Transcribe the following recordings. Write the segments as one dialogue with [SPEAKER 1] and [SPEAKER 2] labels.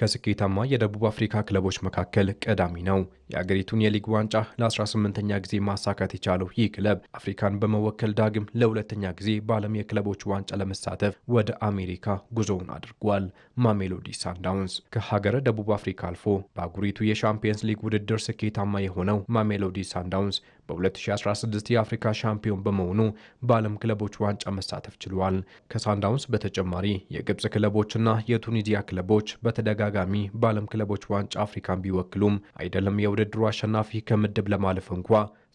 [SPEAKER 1] ከስኬታማ የደቡብ አፍሪካ ክለቦች መካከል ቀዳሚ ነው። የአገሪቱን የሊግ ዋንጫ ለ18ኛ ጊዜ ማሳካት የቻለው ይህ ክለብ አፍሪካን በመወከል ዳግም ለሁለተኛ ጊዜ በዓለም የክለቦች ዋንጫ ለመሳተፍ ወደ አሜሪካ ጉዞውን አድርጓል። ማሜሎዲ ሳንዳውንስ ከሀገረ ደቡብ አፍሪካ አልፎ በአጉሪቱ የሻምፒየንስ ሊግ ውድድር ስኬታማ የሆነው ማሜሎዲ ሳንዳውንስ በ2016 የአፍሪካ ሻምፒዮን በመሆኑ በዓለም ክለቦች ዋንጫ መሳተፍ ችሏል። ከሳንዳውንስ በተጨማሪ የግብፅ ክለቦችና የቱኒዚያ ክለቦች በተደጋ በተደጋጋሚ በዓለም ክለቦች ዋንጫ አፍሪካን ቢወክሉም አይደለም የውድድሩ አሸናፊ ከምድብ ለማለፍ እንኳ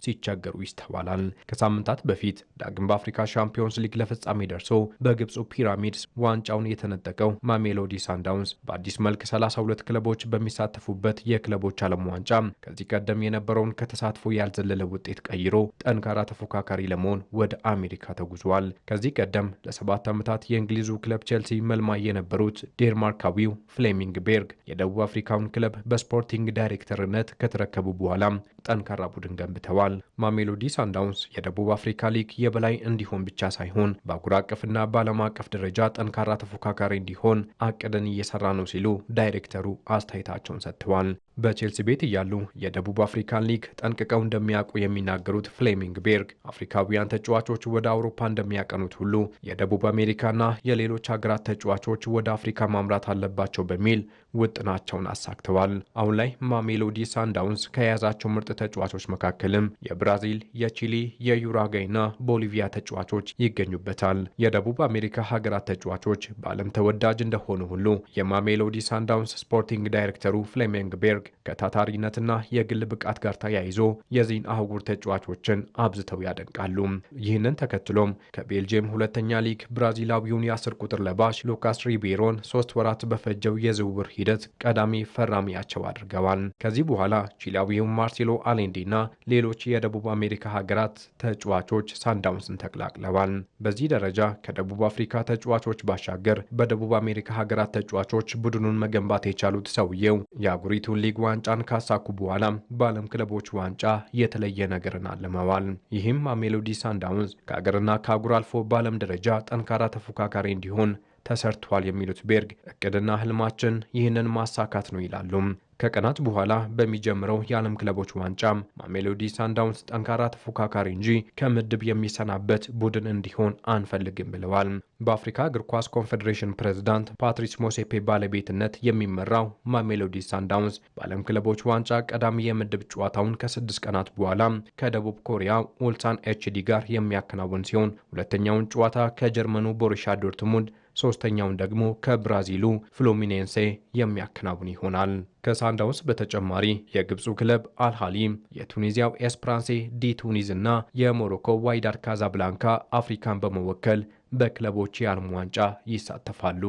[SPEAKER 1] ሲቸገሩ ይስተዋላል። ከሳምንታት በፊት ዳግም በአፍሪካ ሻምፒዮንስ ሊግ ለፍጻሜ ደርሶ በግብፁ ፒራሚድስ ዋንጫውን የተነጠቀው ማሜሎዲ ሳንዳውንስ በአዲስ መልክ 32 ክለቦች በሚሳተፉበት የክለቦች ዓለም ዋንጫ ከዚህ ቀደም የነበረውን ከተሳትፎ ያልዘለለ ውጤት ቀይሮ ጠንካራ ተፎካካሪ ለመሆን ወደ አሜሪካ ተጉዟል። ከዚህ ቀደም ለሰባት ዓመታት የእንግሊዙ ክለብ ቼልሲ መልማይ የነበሩት ዴንማርካዊው ፍሌሚንግ ቤርግ የደቡብ አፍሪካውን ክለብ በስፖርቲንግ ዳይሬክተርነት ከተረከቡ በኋላ ጠንካራ ቡድን ገንብተዋል። ገልጸዋል። ማሜሎዲ ሳንዳውንስ የደቡብ አፍሪካ ሊግ የበላይ እንዲሆን ብቻ ሳይሆን በአህጉር አቀፍና በዓለም አቀፍ ደረጃ ጠንካራ ተፎካካሪ እንዲሆን አቅደን እየሰራ ነው ሲሉ ዳይሬክተሩ አስተያየታቸውን ሰጥተዋል። በቼልሲ ቤት እያሉ የደቡብ አፍሪካን ሊግ ጠንቅቀው እንደሚያውቁ የሚናገሩት ፍሌሚንግ ቤርግ አፍሪካውያን ተጫዋቾች ወደ አውሮፓ እንደሚያቀኑት ሁሉ የደቡብ አሜሪካና የሌሎች ሀገራት ተጫዋቾች ወደ አፍሪካ ማምራት አለባቸው በሚል ውጥናቸውን አሳክተዋል። አሁን ላይ ማሜሎዲ ሳንዳውንስ ከያዛቸው ምርጥ ተጫዋቾች መካከልም የብራዚል፣ የቺሊ፣ የዩራጋይና ቦሊቪያ ተጫዋቾች ይገኙበታል። የደቡብ አሜሪካ ሀገራት ተጫዋቾች በዓለም ተወዳጅ እንደሆኑ ሁሉ የማሜሎዲ ሳንዳውንስ ስፖርቲንግ ዳይሬክተሩ ፍሌሚንግ ቤርግ ከታታሪነትና የግል ብቃት ጋር ተያይዞ የዚህን አህጉር ተጫዋቾችን አብዝተው ያደንቃሉ። ይህንን ተከትሎም ከቤልጅየም ሁለተኛ ሊግ ብራዚላዊውን የአስር ቁጥር ለባሽ ሉካስ ሪቤሮን ሶስት ወራት በፈጀው የዝውውር ሂደት ቀዳሚ ፈራሚያቸው አድርገዋል። ከዚህ በኋላ ቺሊያዊው ማርሴሎ አሌንዴና ሌሎች የደቡብ አሜሪካ ሀገራት ተጫዋቾች ሳንዳውንስን ተቀላቅለዋል። በዚህ ደረጃ ከደቡብ አፍሪካ ተጫዋቾች ባሻገር በደቡብ አሜሪካ ሀገራት ተጫዋቾች ቡድኑን መገንባት የቻሉት ሰውየው የአህጉሪቱን ሊግ ዋንጫን ካሳኩ በኋላ በዓለም ክለቦች ዋንጫ የተለየ ነገርን አልመዋል። ይህም ማሜሎዲ ሳንዳውንስ ከሀገርና ከአጉር አልፎ በዓለም ደረጃ ጠንካራ ተፎካካሪ እንዲሆን ተሰርቷል የሚሉት ቤርግ እቅድና ህልማችን ይህንን ማሳካት ነው ይላሉ። ከቀናት በኋላ በሚጀምረው የዓለም ክለቦች ዋንጫ ማሜሎዲ ሳንዳውንስ ጠንካራ ተፎካካሪ እንጂ ከምድብ የሚሰናበት ቡድን እንዲሆን አንፈልግም ብለዋል። በአፍሪካ እግር ኳስ ኮንፌዴሬሽን ፕሬዝዳንት ፓትሪስ ሞሴፔ ባለቤትነት የሚመራው ማሜሎዲ ሳንዳውንስ በዓለም ክለቦች ዋንጫ ቀዳሚ የምድብ ጨዋታውን ከስድስት ቀናት በኋላ ከደቡብ ኮሪያ ኦልሳን ኤችዲ ጋር የሚያከናውን ሲሆን ሁለተኛውን ጨዋታ ከጀርመኑ ቦሩሺያ ዶርትሙንድ ሶስተኛውን ደግሞ ከብራዚሉ ፍሎሚኔንሴ የሚያከናውን ይሆናል። ከሳንዳውንስ በተጨማሪ የግብፁ ክለብ አልሃሊም፣ የቱኒዚያው ኤስፕራንሴ ዲ ቱኒዝ እና የሞሮኮ ዋይዳድ ካዛብላንካ አፍሪካን በመወከል በክለቦች የዓለም ዋንጫ ይሳተፋሉ።